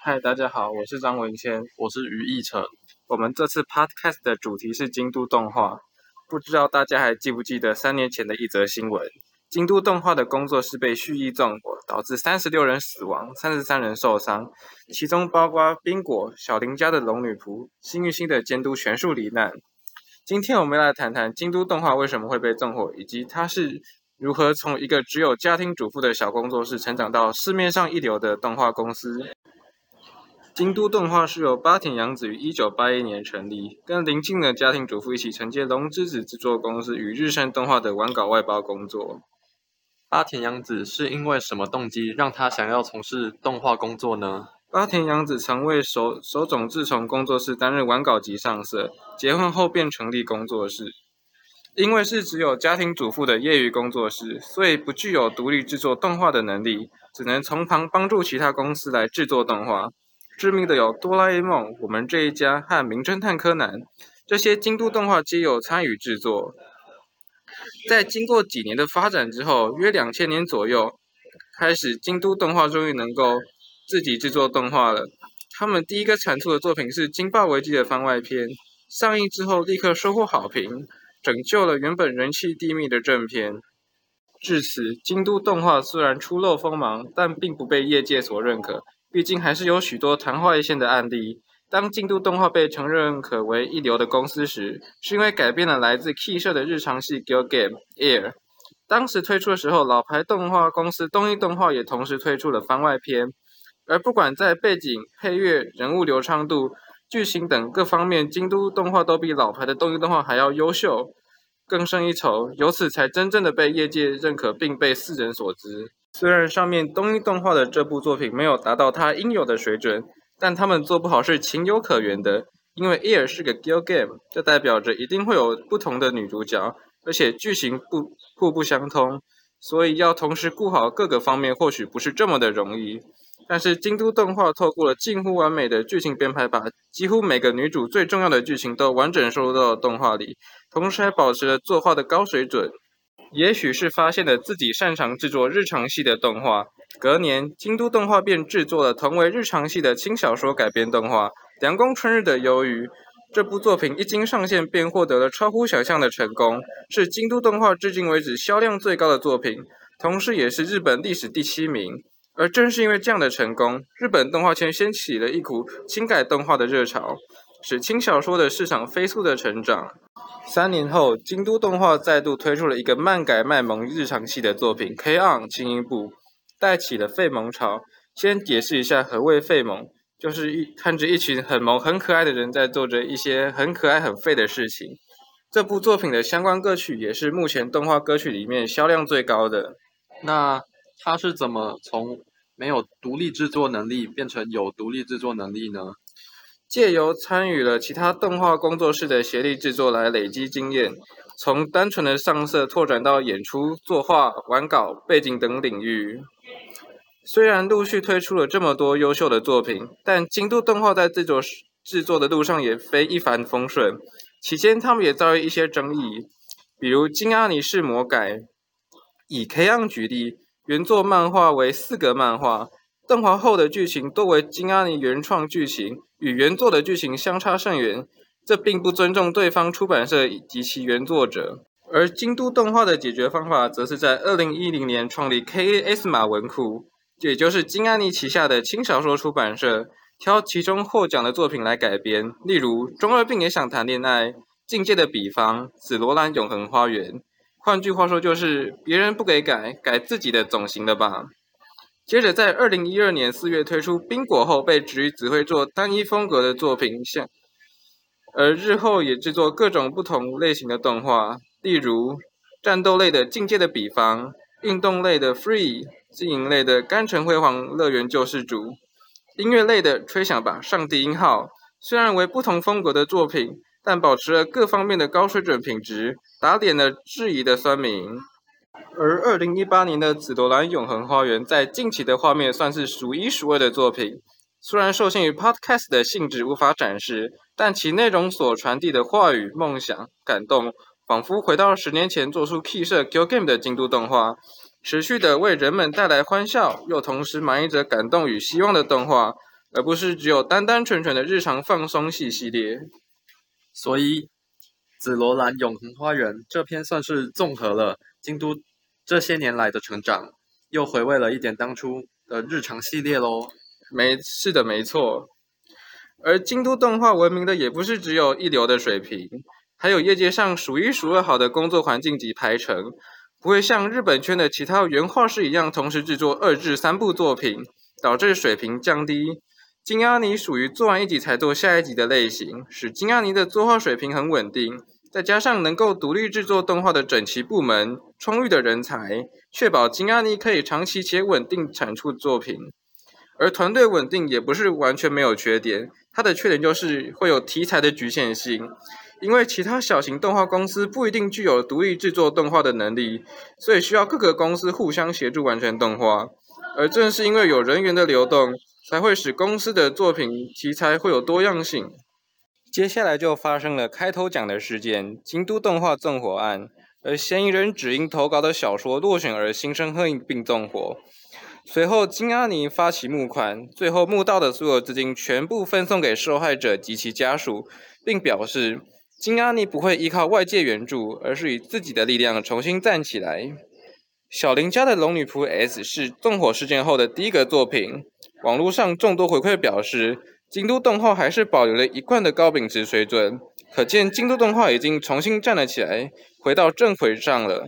嗨，大家好，我是張文謙，我是於藝成。 我們這次 podcast 的主題是京都動畫。不知道大家還記不記得三年前的一則新聞：京都動畫的工作室被蓄意縱火，導致三十六人死亡，三十三人受傷，其中包括冰菓、小林家的龍女僕、幸運星的監督全數罹難。今天我們來談談京都動畫為什麼會被縱火，以及它是如何從一個只有家庭主婦的小工作室，成長到市面上一流的動畫公司。京都動畫是由八田洋子於一九八一年成立，跟鄰近的家庭主婦一起承接龍之子製作公司與日升動畫的完稿外包工作。八田洋子是因為什麼動機讓她想要從事動畫工作呢？八田洋子曾為手手冢治蟲工作室擔任完稿及上色，結婚後便成立工作室。因為是只有家庭主婦的業餘工作室，所以不具有獨立製作動畫的能力，只能從旁幫助其他公司來製作動畫。知名的有《哆啦 A 夢》、我們這一家和《名偵探柯南》，這些京都動畫皆有參與制作。在經過幾年的發展之後，約兩千年左右，開始京都動畫終於能夠自己制作動畫了。他們第一個產出的作品是《驚爆危機》的番外篇，上映之後立刻收穫好評，拯救了原本人氣低迷的正片。至此，京都動畫雖然初露鋒芒，但並不被業界所認可。畢竟還是有許多曇花一現的案例。當京都動畫被承認可為一流的公司時，是因為改編了來自 Key 社的日常系 Gal Game Air。當時推出的時候，老牌動畫公司東映動畫也同時推出了番外篇。而不管在背景、配樂、人物流暢度、劇情等各方面，京都動畫都比老牌的東映動畫還要優秀，更勝一籌。由此才真正的被業界認可，並被世人所知。雖然上面東映動畫的這部作品沒有達到它應有的水準，但他們做不好是情有可原的。因為《AIR》是個 girl game，這代表着一定會有不同的女主角，而且劇情不互不相通，所以要同時顧好各個方面或許不是這麼的容易。但是京都動畫透過了近乎完美的劇情編排，把幾乎每個女主最重要的劇情都完整收入到了動畫裡，同時還保持了作畫的高水準。也許是發現了自己擅長制作日常系的動畫，隔年京都動畫便制作了同為日常系的輕小說改編動畫《涼宮春日的憂鬱》。這部作品一經上線便獲得了超乎想象的成功，是京都動畫至今為止銷量最高的作品，同時也是日本歷史第七名。而正是因為這樣的成功，日本動畫圈掀起了一股輕改動畫的熱潮，使輕小說的市場飛速的成長。三年後，京都動畫再度推出了一個漫改賣萌日常系的作品《K on》，輕音部，帶起了廢萌潮。先解釋一下何謂廢萌，就是一看着一群很萌、很可愛的人在做着一些很可愛、很廢的事情。這部作品的相關歌曲也是目前動畫歌曲裡面銷量最高的。那它是怎麼從沒有獨立制作能力變成有獨立制作能力呢？借由參與了其他動畫工作室的協力制作來累積經驗，從單純的上色拓展到演出、作畫、完稿、背景等領域。雖然陸續推出了這麼多優秀的作品，但京都動畫在制作制作的路上也非一帆風順，期間他們也遭遇一些爭議，比如京阿尼式魔改。以《KON》舉例，原作漫畫為四格漫畫。鄧華後的劇情多為京阿尼原創劇情，與原作的劇情相差甚遠，這並不尊重對方出版社以及其原作者。而京都動畫的解決方法，則是在二零一零年創立 KAS 碼文庫，也就是京阿尼旗下的輕小說出版社，挑其中獲獎的作品來改編，例如《中二病也想談戀愛》《境界的彼方》《紫羅蘭永恆花園》。換句話說，就是別人不給改，改自己的總行了吧？接着，在二零一二年四月推出《冰菓》後，被指只會做單一風格的作品，而日後也制作各種不同類型的動畫，例如戰鬥類的《境界的彼方》，運動類的《Free》，經營類的《甘城輝煌樂園救世主》，音樂類的《吹響吧！上低音號》。雖然為不同風格的作品，但保持了各方面的高水準品質，打臉了質疑的酸民。而二零一八年的《紫羅蘭永恆花園》在近期的畫面算是數一數二的作品。雖然受限於 Podcast 的性質無法展示，但其內容所傳遞的話語、夢想、感動，仿佛回到十年前做出 Key 社 galgame 的京都動畫，持續的為人們帶來歡笑，又同時滿溢着感動與希望的動畫，而不是只有單單純純的日常放鬆系系列。所以，《紫羅蘭永恆花園》這篇算是綜合了。京都這些年來的成長，又回味了一點當初的日常系列嘍。沒，是的，沒錯。而京都動畫聞名的也不是只有一流的水平，還有業界上數一數二好的工作環境及排程，不會像日本圈的其他原畫師一樣同時製作二至三部作品，導致水平降低。京阿尼屬於做完一集才做下一集的類型，使京阿尼的作畫水平很穩定。再加上能夠獨立制作動畫的整齊部門、充裕的人才，確保京阿尼可以長期且穩定產出作品。而團隊穩定也不是完全沒有缺點，它的缺點就是會有題材的局限性，因為其他小型動畫公司不一定具有獨立制作動畫的能力，所以需要各個公司互相協助完成動畫。而正是因為有人員的流動，才會使公司的作品題材會有多樣性。接下來就發生了開頭講的事件——京都動畫縱火案，而嫌疑人，只因投稿的小說落選而心生恨意，並縱火。隨後，京阿尼發起募款，最後募到的所有資金全部分送給受害者及其家屬，並表示京阿尼不會依靠外界援助，而是以自己的力量重新站起來。小林家的龍女僕 S 是縱火事件後的第一個作品，網絡上眾多回饋表示，京都動畫還是保留了一貫的高品質水準，可見京都動畫已經重新站了起來，回到正軌上了。